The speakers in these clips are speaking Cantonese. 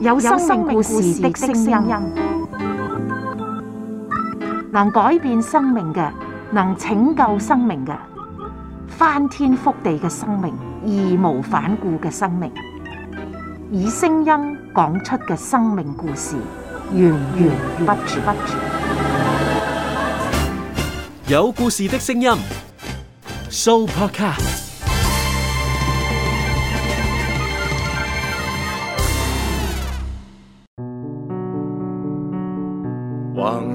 有生命故事的聲音，能改變生命嘅，能拯救生命嘅，翻天覆地嘅生命，義無反顧嘅生命，以聲音講出嘅生命故事，源源不絕。有故事的聲音，Soupercast。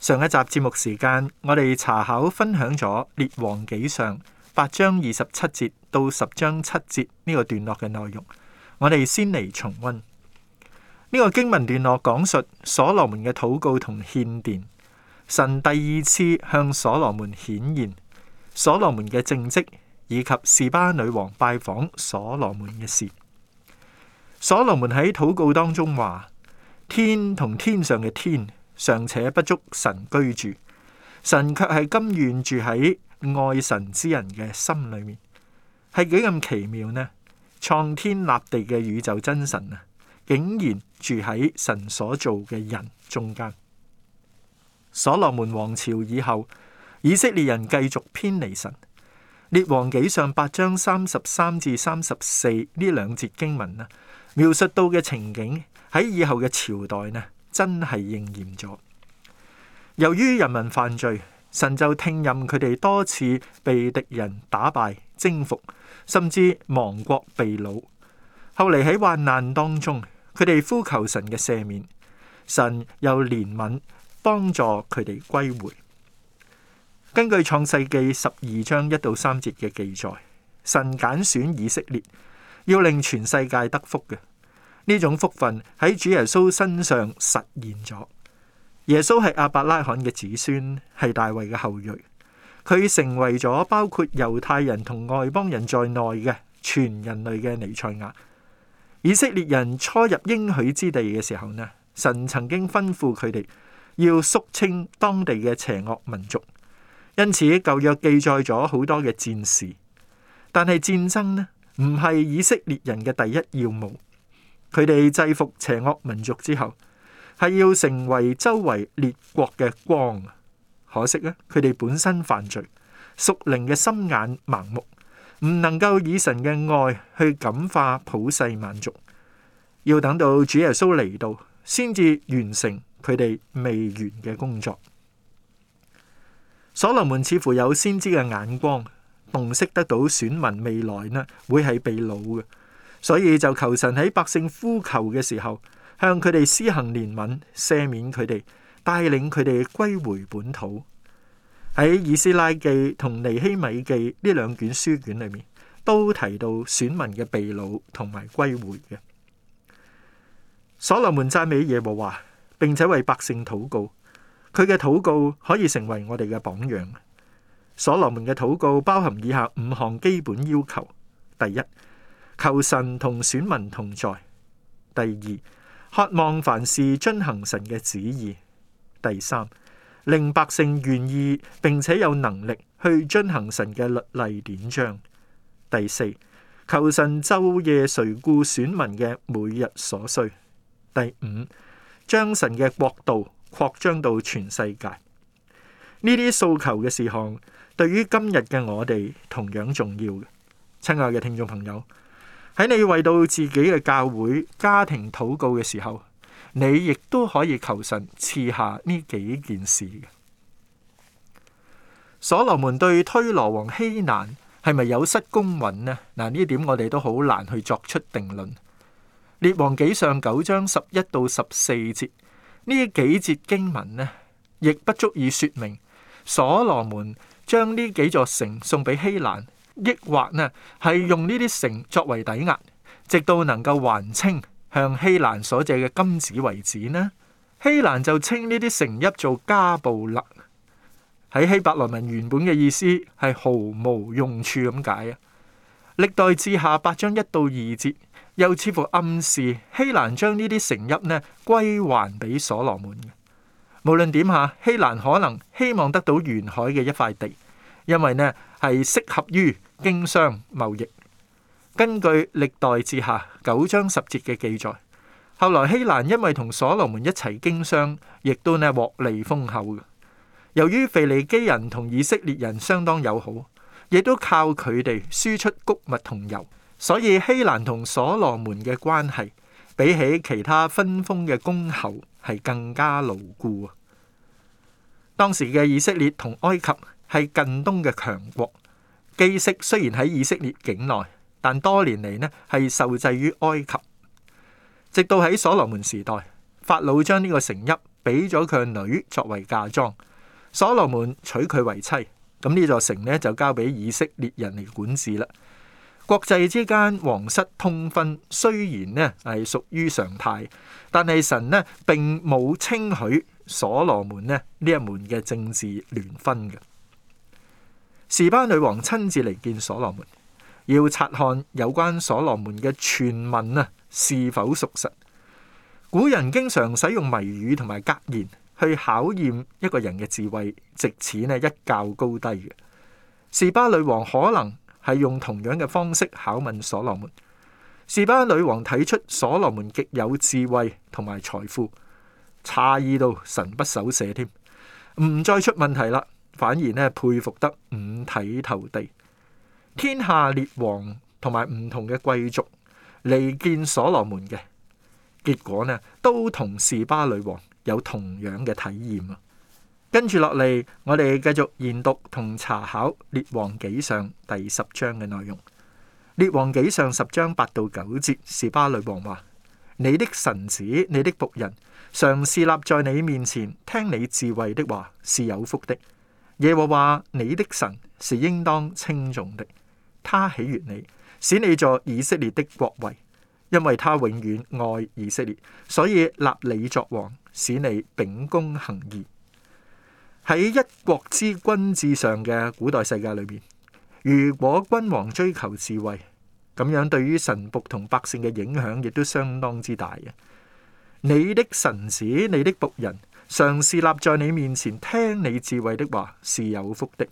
上一集節目時間，我哋查考分享咗列王紀上八章二十七節到十章七節呢個段落嘅內容。我哋先嚟重温呢、這個經文段落，講述所羅門嘅禱告同獻殿，神第二次向所羅門顯現，所羅門嘅政績以及示巴女王拜訪所羅門嘅事。所羅門喺禱告當中話：天同天上嘅天。尚且不足神居住，神卻係甘願住喺愛神之人嘅心裏面，係幾咁奇妙呢？創天立地嘅宇宙真神啊，竟然住喺神所做嘅人中間。所羅門王朝以後，以色列人繼續偏離神。列王紀上八章三十三至三十四呢兩節經文啊，描述到嘅情景喺以後嘅朝代呢，真係應驗咗。由於人民犯罪，神就聽任佢哋多次被敵人打敗、征服，甚至亡國被擄。後嚟喺患難當中，佢哋呼求神嘅赦免，神又憐憫，幫助佢哋歸回。根據創世記十二章一到三節嘅記載，神揀選以色列，要令全世界得福嘅。呢種福分喺主耶穌身上實現咗。耶穌係亞伯拉罕嘅子孫，係大衛嘅後裔，佢成為咗包括猶太人同外邦人在內嘅全人類嘅彌賽亞。以色列人初入應許之地嘅時候呢，神曾經吩咐佢哋要肅清當地嘅邪惡民族，因此舊約記載咗好多嘅戰事。但係戰爭呢，唔係以色列人嘅第一要務。佢哋制服邪惡民族之後，係要成為周圍列國嘅光。可惜咧啊，佢哋本身犯罪，屬靈嘅心眼盲目，唔能夠以神嘅愛去感化普世萬族。要等到主耶穌嚟到，先至完成佢哋未完嘅工作。所羅門似乎有先知嘅眼光，洞悉得到選民未來呢會係被擄嘅。所以就求神喺百姓呼求嘅時候，向佢哋施行憐憫、赦免佢哋，帶領佢哋歸回本土。喺以斯拉記同尼希米記呢兩卷書卷裏面，都提到選民嘅被擄同埋歸回嘅。所羅門讚美耶和華，並且為百姓禱告，佢嘅禱告可以成為我哋嘅榜樣。所羅門嘅禱告包含以下五項基本要求：第一。求神同選民同在。第二，渴望凡事遵行神嘅旨意。第三，令百姓願意並且有能力去遵行神嘅律例典章。第四，求神晝夜垂顧選民嘅每日所需。第五，將神嘅國度擴張到全世界。呢啲訴求嘅事項，對於今日嘅我哋同樣重要嘅，親愛嘅聽眾朋友。喺你為到自己嘅教會、家庭禱告嘅時候，你亦都可以求神賜下呢幾件事嘅。所羅門對推羅王希蘭係咪有失公允呢？嗱，呢點我哋都好難去作出定論。列王紀上九章十一到十四節呢幾節經文呢，亦不足以說明所羅門將呢幾座城送俾希蘭。抑或呢係用呢啲城作為抵押，直到能夠還清向希蘭所借嘅金子為止呢？希蘭就稱呢啲城邑做加布勒，喺希伯來文原本嘅意思係毫無用處咁解啊。歷代志下八章一到二節又似乎暗示希蘭將呢啲城邑呢歸還俾所羅門嘅。無論點吓，希蘭可能希望得到沿海嘅一塊地，因為呢係適合於。經商貿易，根據歷代志下九章十節嘅記載，後來希蘭因為同所羅門一齊經商，亦都係獲利豐厚嘅。由於腓尼基人同以色列人相當友好，亦都靠佢哋輸出穀物同油，所以希蘭同所羅門嘅關係比起其他分封嘅公侯係更加牢固啊！當時嘅以色列同埃及係近東嘅強國。基色雖然喺以色列境內，但多年嚟，呢係受制於埃及。直到喺所羅門時代，法老將呢個城邑俾咗佢女作為嫁妝，所羅門娶佢為妻。咁呢座城呢就交俾以色列人嚟管治啦。國際之間皇室通婚雖然呢係屬於常態，但係神呢並冇稱許所羅門呢呢一門嘅政治聯婚嘅。士巴女王親自嚟見所羅門，要察看有關所羅門嘅傳聞啊是否屬實。古人經常使用謎語同埋格言去考驗一個人嘅智慧，值此呢一較高低嘅。示巴女王可能係用同樣嘅方式考問所羅門。示巴女王睇出所羅門極有智慧同埋財富，詫異到神不守舍添，唔再出問題啦。反而咧，佩服得五體投地。天下列王同埋唔同嘅貴族嚟見所羅門嘅結果呢，都同示巴女王有同樣嘅體驗啊。跟住落嚟，我哋繼續研讀同查考《列王紀上》第十章嘅內容。《列王紀上》十章八到九節，示巴女王話：你的臣子，你的僕人，常侍立在你面前聽你智慧的話，是有福的。耶和華你的神是應當稱頌的，他喜悅你，使你做以色列的國位，因為他永遠愛以色列，所以立你作王，使你秉公行義。喺一國之君至上嘅古代世界裏邊，如果君王追求智慧，咁樣對於神僕同百姓嘅影響亦都相當之大嘅。你的神使，你的僕人。常侍立在你面前聽你智慧的話是有福的。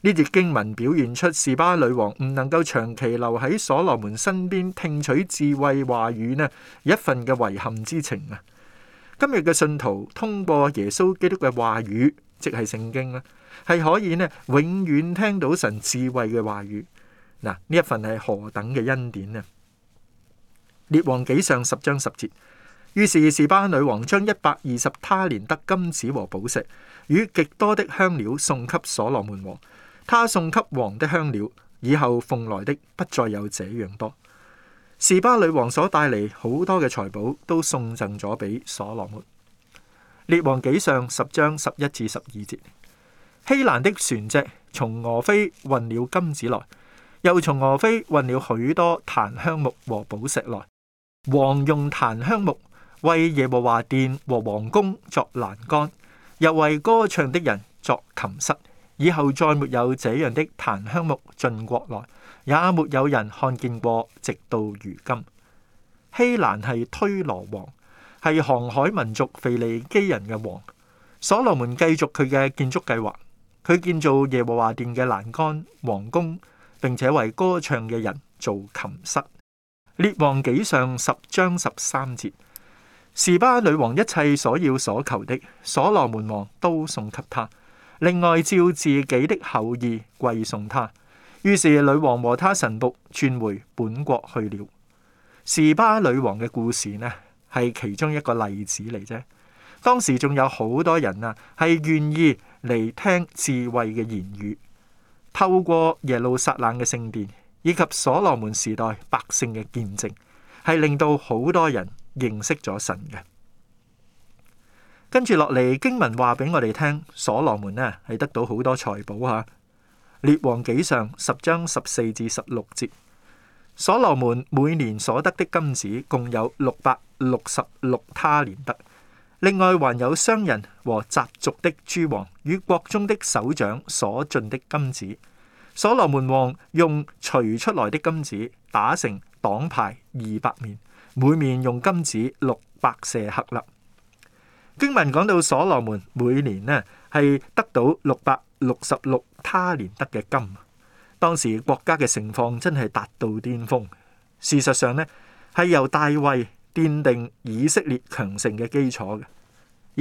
呢段經文表現出示巴女王唔能夠長期留喺所羅門身邊聽取智慧話語呢一份嘅遺憾之情啊！今日嘅信徒通過耶穌基督嘅話語，即係聖經啦，係可以呢永遠聽到神智慧嘅話語。嗱，呢一份係何等嘅恩典呢？列王紀上十章十節。於是士巴女王將一百二十他連得金子和寶石與極多的香料送給所羅門王，他送給王的香料以後奉來的不再有這樣多。士巴女王所帶嚟好多嘅財寶都送贈咗俾所羅門。列王紀上十章十一至十二節，希蘭的船隻從俄非運了金子來，又從俄非運了許多檀香木和寶石來，王用檀香木，為耶和華殿和王宮作欄杆，又為歌唱的人作琴室。以後再沒有這樣的檀香木進國內，也沒有人看見過，直到如今。希蘭係推羅王，係航海民族腓尼基人嘅王。所羅門繼續佢嘅建築計劃，佢建造耶和華殿嘅欄杆、王宮，並且為歌唱嘅人做琴室。列王紀上十章十三節。示巴女王一切所要所求的，所羅門王都送給她，另外照自己的厚意餽送她。於是女王和她臣僕轉回本國去了。示巴女王嘅故事呢，係其中一個例子嚟啫。當時仲有好多人啊，係願意嚟聽智慧嘅言語，透過耶路撒冷嘅聖殿以及所羅門時代百姓嘅見證，係令到好多人。認識咗神嘅，跟住落嚟經文話俾我哋聽，所羅門呢係得到好多財寶吓。列王紀上十章十四至十六節，所羅門每年所得的金子共有六百六十六他連得，另外還有商人和雜族的諸王與國中的首長所進的金子，所羅門王用錘出來的金子打成擋牌二百面。每面用金子六百舍克粒。經文講到所羅門每年呢係得到六百六十六他連得嘅金。當時國家嘅盛況真係達到巔峰。事實上呢係由大衛奠定以色列強盛嘅基礎嘅，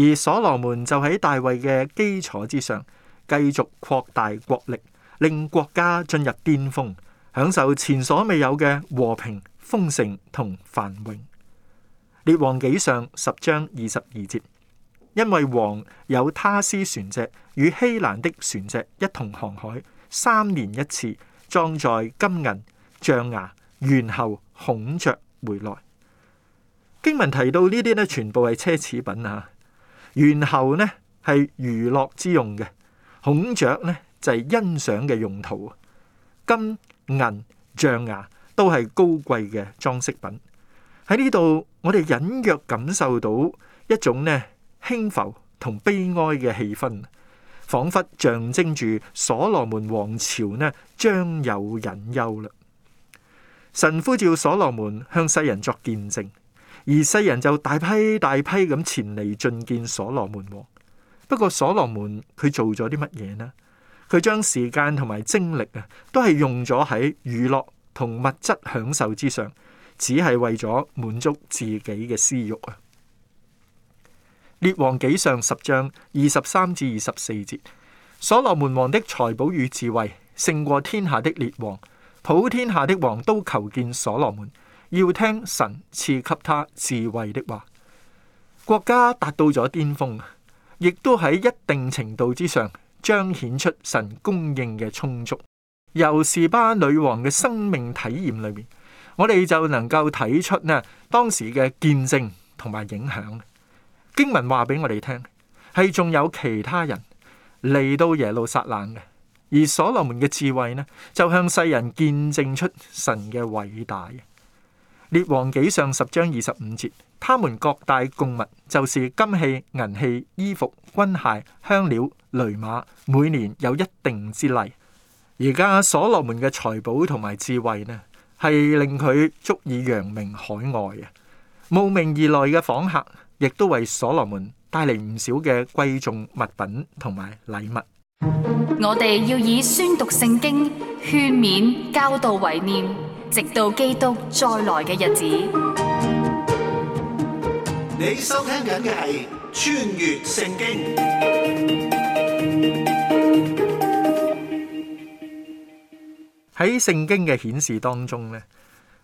而所羅門就喺大衛嘅基礎之上繼續擴大國力，令國家進入巔峰，享受前所未有嘅和平。豐盛同繁榮，列王紀上十章二十二節，因為王有他施船隻與希蘭的船隻一同航海三年一次，裝載金銀、象牙、猿猴、孔雀回來。經文提到呢啲咧，全部係奢侈品啊！猿猴咧係娛樂之用嘅，孔雀咧就係、是、欣賞嘅用途，金銀、象牙。都係高貴嘅裝飾品，喺呢度我哋隱約感受到一種呢輕浮同悲哀嘅氣氛，仿佛象徵住所羅門王朝呢將有隱憂啦。神呼召所羅門向世人作見證，而世人就大批大批咁前嚟覲見所羅門王。不過所羅門佢做咗啲乜嘢呢？佢將時間同埋精力啊，都係用咗喺娛樂。同物質享受之上，只係為咗滿足自己嘅私欲啊！列王紀上十章二十三至二十四節，所羅門王的財寶與智慧勝過天下的列王，普天下的王都求見所羅門，要聽神賜給他智慧的話。國家達到咗巔峰，亦都喺一定程度之上彰顯出神供應嘅充足。由示巴女王嘅生命體驗裏面，我哋就能夠睇出呢當時嘅見證同埋影響經文話俾我哋聽，係仲有其他人嚟到耶路撒冷嘅，而所羅門嘅智慧呢，就向世人見證出神嘅偉大。列王紀上十章二十五節，他們各帶貢物就是金器、銀器、衣服、軍械、香料、騾馬，每年有一定之例。而家所羅門嘅財寶同埋智慧呢，係令佢足以揚名海外嘅。慕名而來嘅訪客，亦都為所羅門帶嚟唔少嘅貴重物品同埋禮物。我哋要以宣讀聖經、勸勉、教導、為念，直到基督再來嘅日子。你收聽緊嘅係《穿越聖經》。喺聖經嘅顯示當中咧，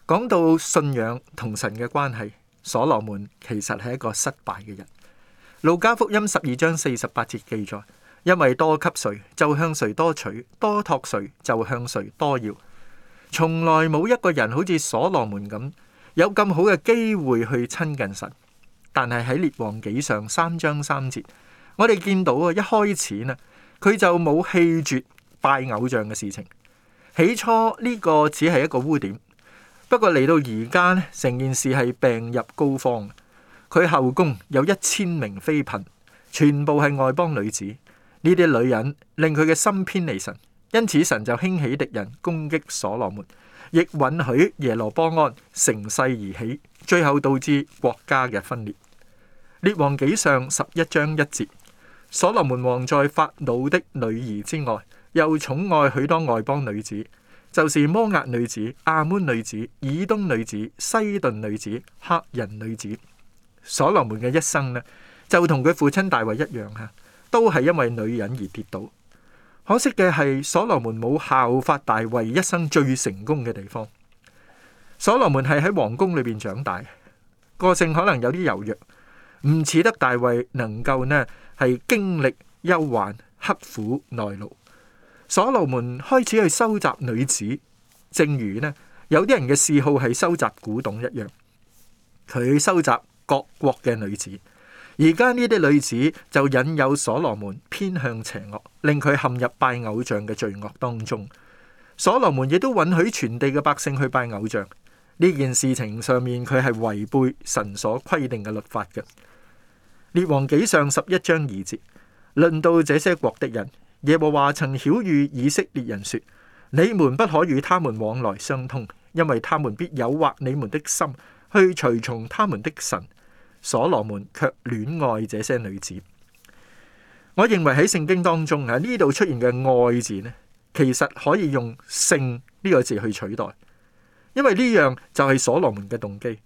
講到信仰同神嘅關係，所羅門其實係一個失敗嘅人。路加福音十二章四十八節記載，因為多給誰就向誰多取，多託誰就向誰多要。從來冇一個人好似所羅門咁有咁好嘅機會去親近神，但係喺列王紀上三章三節，我哋見到啊，一開始啊，佢就冇棄絕拜偶像嘅事情。起初呢、這個只係一個污點，不過嚟到而家咧，成件事係病入膏肓。佢後宮有一千名妃嬪，全部係外邦女子。呢啲女人令佢嘅心偏離神，因此神就興起敵人攻擊所羅門，亦允許耶羅波安乘勢而起，最後導致國家嘅分裂。列王紀上十一章一節，所羅門王在法老的女兒之外，又寵愛許多外邦女子，就是摩押女子、亞捫女子、以東女子、西頓女子、黑人女子。所羅門嘅一生呢，就同佢父親大衛一樣吓，都係因為女人而跌倒。可惜嘅係，所羅門冇效法大衛一生最成功嘅地方。所羅門係喺皇宮裏邊長大，個性可能有啲柔弱，唔似得大衛能夠呢係經歷憂患、刻苦耐勞。所羅門開始去收集女子，正如呢有啲人嘅嗜好係收集古董一樣，佢收集各國嘅女子。而家呢啲女子就引誘所羅門偏向邪惡，令佢陷入拜偶像嘅罪惡當中。所羅門亦都允許全地嘅百姓去拜偶像。呢件事情上面佢係違背神所規定嘅律法嘅。列王紀上十一章二節，論到這些國的人。耶和華曾曉諭以色列人說：你們不可與他們往來相通，因為他們必誘惑你們的心，去隨從他們的神。所羅門卻戀愛這些女子。我認為喺聖經當中啊，呢度出現嘅愛字呢，其實可以用性呢個字去取代，因為呢樣就係所羅門嘅動機。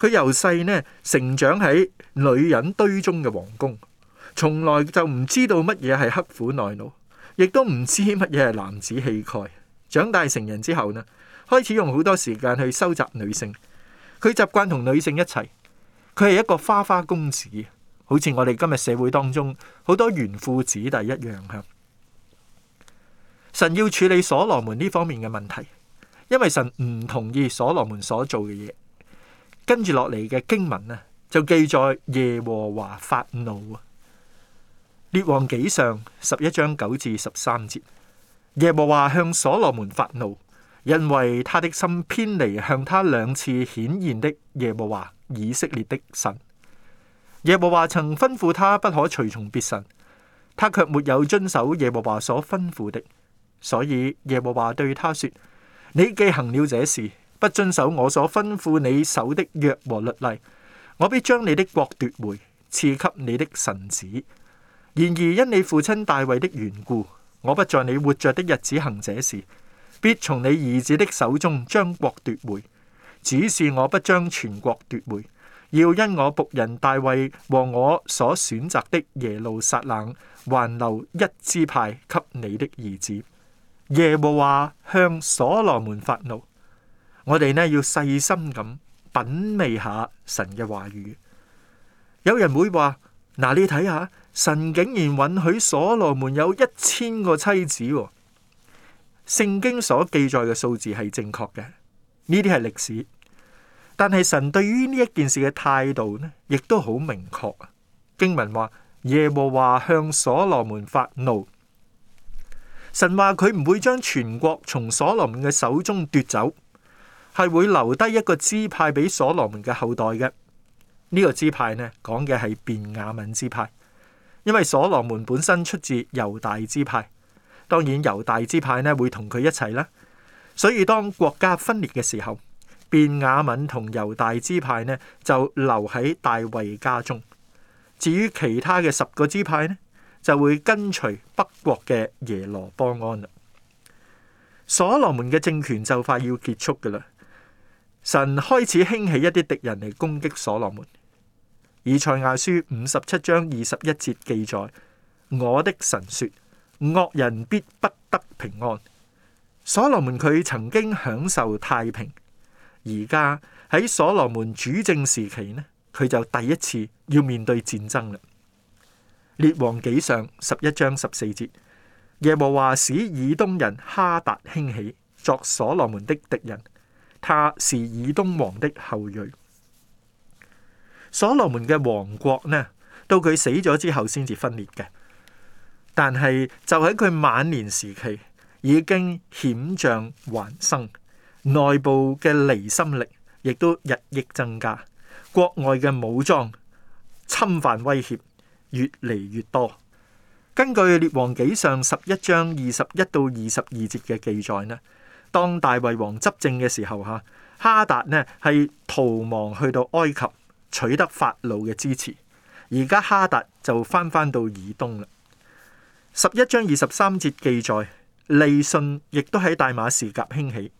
佢由細呢成長喺女人堆中嘅皇宮。從來就唔知道乜嘢係刻苦耐勞，亦都唔知乜嘢係男子氣概。長大成人之後呢，開始用好多時間去收集女性。佢習慣同女性一齊，佢係一個花花公子，好似我哋今日社會當中好多紈絝子弟一樣。吓，神要處理所羅門呢方面嘅問題，因為神唔同意所羅門所做嘅嘢。跟住落嚟嘅經文呢，就記載耶和華發怒列王紀上十一章九至十三節，耶和華向所羅門發怒，因為他的心偏離向他兩次顯現的耶和華以色列的神。耶和華曾吩咐他不可隨從別神，他卻沒有遵守耶和華所吩咐的，所以耶和華對他說：你既行了這事，不遵守我所吩咐你守的約和律例，我必將你的國奪回，賜給你的神子。然而因你父親大衛的緣故，我不在你活着的日子行這事，必從你兒子的手中將國奪回。只是我不將全國奪回，要因我僕人大衛和我所選擇的耶路撒冷，還留一支派給你的兒子。耶和華、啊、向所羅門發怒，我哋呢要細心咁品味下神嘅話語。有人會話，嗱，你睇下。神竟然允許所羅門有一千個妻子。哦，聖經所記載嘅數字係正確嘅，呢啲係歷史。但係神對於呢一件事嘅態度呢，亦都好明確。經文話耶和華向所羅門發怒，神話佢唔會將全國從所羅門嘅手中奪走，係會留低一個支派俾所羅門嘅後代嘅。呢、這個支派呢，講嘅係便雅憫支派。因為所羅門本身出自猶大支派，當然猶大支派呢會同佢一齊啦。所以當國家分裂嘅時候，便雅憫同猶大支派呢就留喺大衛家中。至於其他嘅十個支派呢，就會跟隨北國嘅耶羅波安啦。所羅門嘅政權就快要結束㗎喇，神開始興起一啲敵人嚟攻擊所羅門。以賽亞書五十七章二十一節記載：我的神說，惡人必不得平安。所羅門佢曾經享受太平，而家喺所羅門主政時期呢，佢就第一次要面對戰爭啦。列王紀上十一章十四節：耶和華使以東人哈達興起，作所羅門的敵人。他是以東王的後裔。所羅門嘅王國呢，到佢死咗之後先至分裂嘅。但係就喺佢晚年時期，已經險象環生，內部嘅離心力亦都日益增加，國外嘅武裝侵犯威脅越嚟越多。根據《列王紀》上十一章二十一到二十二節嘅記載呢，當大衛王執政嘅時候，吓哈達呢係逃亡去到埃及。取得法老嘅支持，而家哈達就翻返到以東啦。十一章二十三節記載，利信亦都喺大馬士革興起。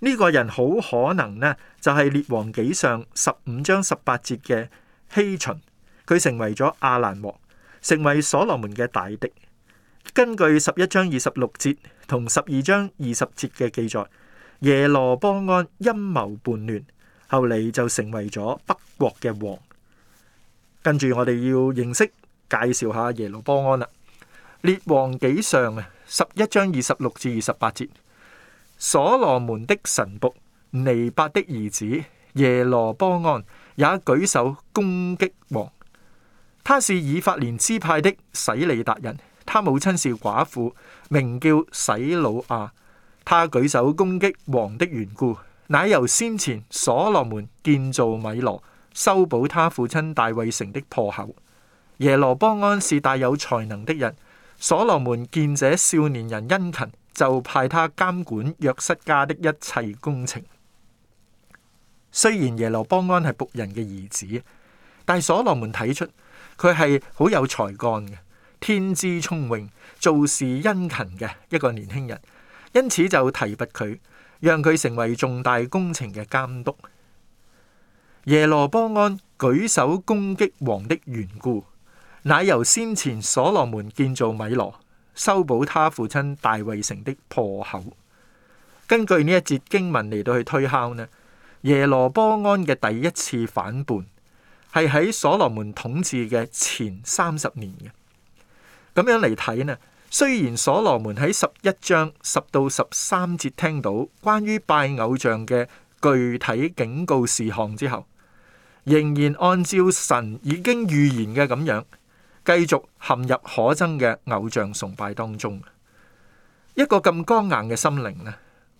呢、這個人好可能呢就係、是、列王紀上十五章十八節嘅希秦。佢成為咗亞蘭王，成為所羅門嘅大敵。根據十一章二十六節同十二章二十節嘅記載，耶羅波安陰謀叛亂。後嚟就成為咗北國嘅王。跟住我哋要認識介紹下耶羅波安啦，《列王紀上》十一章二十六至二十八節，所羅門的臣僕尼伯的兒子耶羅波安也舉手攻擊王。他是以法蓮支派的洗利達人，他母親是寡婦，名叫洗魯亞。他舉手攻擊王的緣故。乃由先前所羅門建造米羅，修補他父親大衛城的破口。耶羅波安是大有才能的人，所羅門見這少年人殷勤，就派他監管約瑟家的一切工程。雖然耶羅波安係僕人嘅兒子，但所羅門睇出佢係好有才幹嘅，天資聰穎，做事殷勤嘅一個年輕人，因此就提拔佢。讓佢成為重大工程嘅監督。耶羅波安舉手攻擊王的緣故，乃由先前所羅門建造米羅，修補他父親大衛城的破口。根據呢一節經文嚟到去推敲呢，耶羅波安嘅第一次反叛係喺所羅門統治嘅前三十年嘅。咁樣嚟睇呢？雖然所羅門喺十一章十到十三節聽到關於拜偶像嘅具體警告事項之後，仍然按照神已經預言嘅咁樣，繼續陷入可憎嘅偶像崇拜當中。一個咁剛硬嘅心靈呢，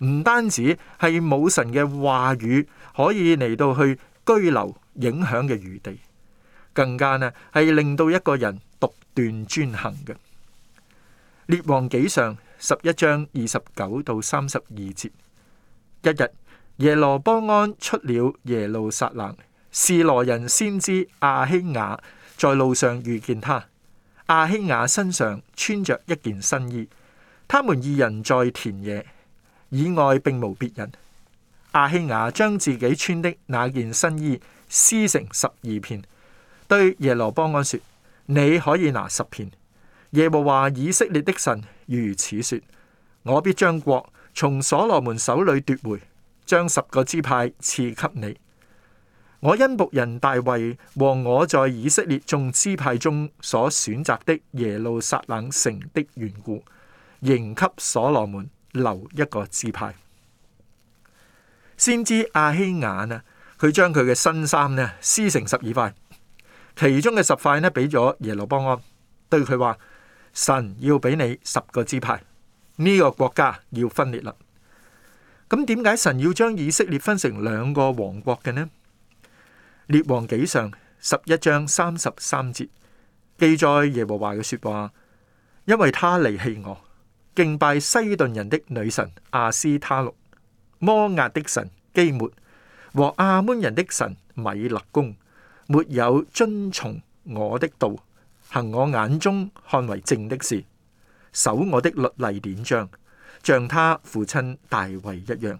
唔單止係冇神嘅話語可以嚟到去居留影響嘅餘地，更加呢係令到一個人獨斷專行嘅。列王紀上十一章二十九到三十二節，一日耶羅波安出了耶路撒冷，士羅人先知亞希雅在路上遇見他。亞希雅身上穿着一件新衣，他們二人在田野以外並無別人。亞希雅將自己穿的那件新衣撕成十二片，對耶羅波安說：你可以拿十片。耶和華以色列的神如此說：我必將國從所羅門手裏奪回，將十個支派賜給你。我因僕人大衛和我在以色列眾支派中所選擇的耶路撒冷城的緣故，仍給所羅門留一個支派。先知阿希雅呢，佢將佢嘅新衫呢撕成十二塊，其中嘅十塊呢俾咗耶路邦安，對佢話。神要俾你十個支派，呢、這個國家要分裂啦。咁點解神要將以色列分成兩個王國嘅呢？列王紀上十一章三十三節記載耶和華嘅說話：因為他離棄我，敬拜西頓人的女神亞斯他錄、摩押的神基抹，和亞捫人的神米勒公，沒有遵從我的道。行我眼中看為正的事，守我的律例典章，像他父親大衛一樣。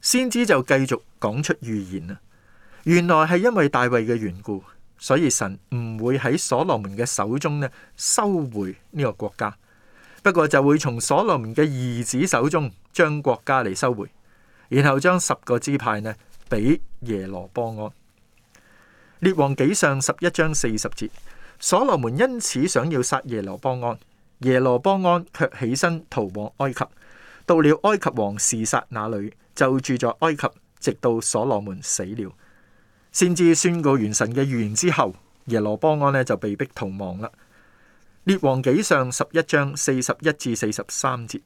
先知就繼續講出預言啦。原來係因為大衛嘅緣故，所以神唔會喺所羅門嘅手中呢收回呢個國家。不過就會從所羅門嘅兒子手中將國家嚟收回，然後將十個支派呢俾耶羅波安。列王紀上十一章四十節。所羅門因此想要殺耶羅波安，耶羅波安卻起身逃往埃及。到了埃及王示殺那裏，就住在埃及，直到所羅門死了，先至宣告完神嘅預言之後，耶羅波安呢就被逼逃亡啦。列王紀上十一章四十一至四十三節，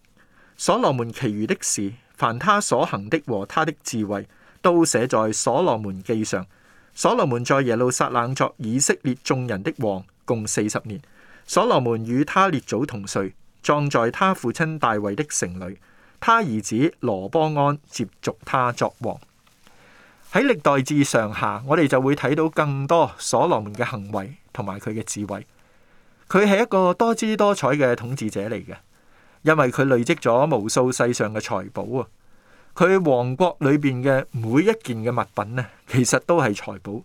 所羅門其餘的事，凡他所行的和他的智慧，都寫在所羅門記上。所羅門在耶路撒冷作以色列眾人的王，共四十年。所羅門與他列祖同歲，葬在他父親大衛的城裏。他兒子羅波安接續他作王。喺歷代志上下，我哋就會睇到更多所羅門嘅行為同埋佢嘅智慧。佢係一個多姿多彩嘅統治者嚟嘅，因為佢累積咗無數世上嘅財寶啊！佢王國裏邊嘅每一件嘅物品呢，其實都係財寶，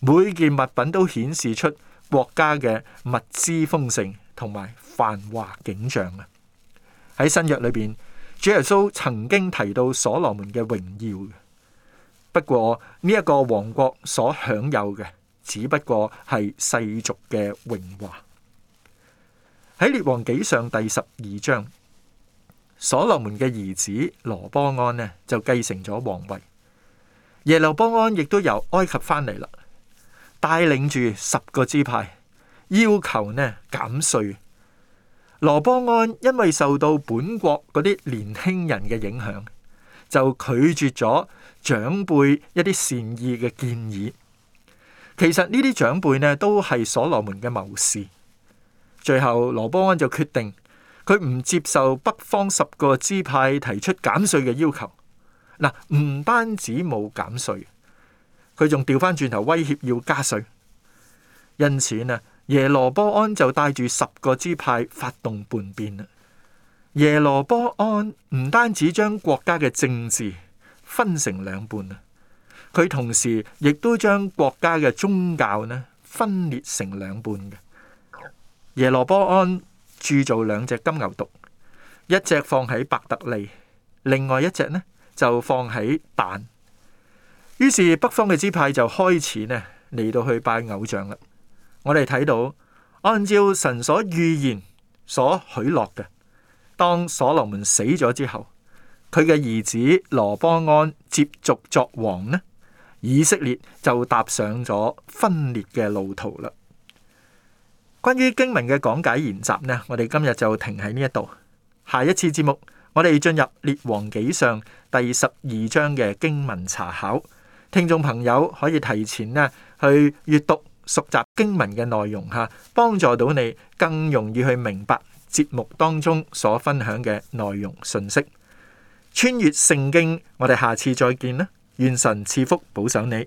每件物品都顯示出國家嘅物資豐盛同埋繁華景象啊！喺新約裏邊，主耶穌曾經提到所羅門嘅榮耀。不過，呢一個王國所享有嘅只不過係世俗嘅榮華。喺列王紀上第十二章。所羅門嘅兒子羅波安呢就繼承咗皇位，耶羅波安亦都由埃及翻嚟啦，帶領住十個支派，要求呢減稅。羅波安因為受到本國嗰啲年輕人嘅影響，就拒絕咗長輩一啲善意嘅建議。其實呢啲長輩呢都係所羅門嘅謀士。最後羅波安就決定。佢唔接受北方十個支派提出減稅嘅要求，嗱、啊，唔單止冇減稅，佢仲調返轉頭威脅要加稅。因此呢，耶羅波安就帶住十個支派發動叛變啦。耶羅波安唔單止將國家嘅政治分成兩半啊，佢同時亦都將國家嘅宗教呢分裂成兩半嘅。耶羅波安。鑄造兩隻金牛犢，一隻放喺伯特利，另外一隻呢就放喺但。於是北方嘅支派就開始呢嚟到去拜偶像啦。我哋睇到按照神所預言所許諾嘅，當所羅門死咗之後，佢嘅兒子羅波安接續作王呢，以色列就踏上咗分裂嘅路途啦。關於經文嘅講解研習呢，我哋今日就停喺呢一度。下一次節目，我哋進入列王紀上第十二章嘅經文查考。聽眾朋友可以提前呢去閱讀熟習經文嘅內容吓，幫助到你更容易去明白節目當中所分享嘅內容信息。穿越聖經，我哋下次再見啦！願神賜福保上你。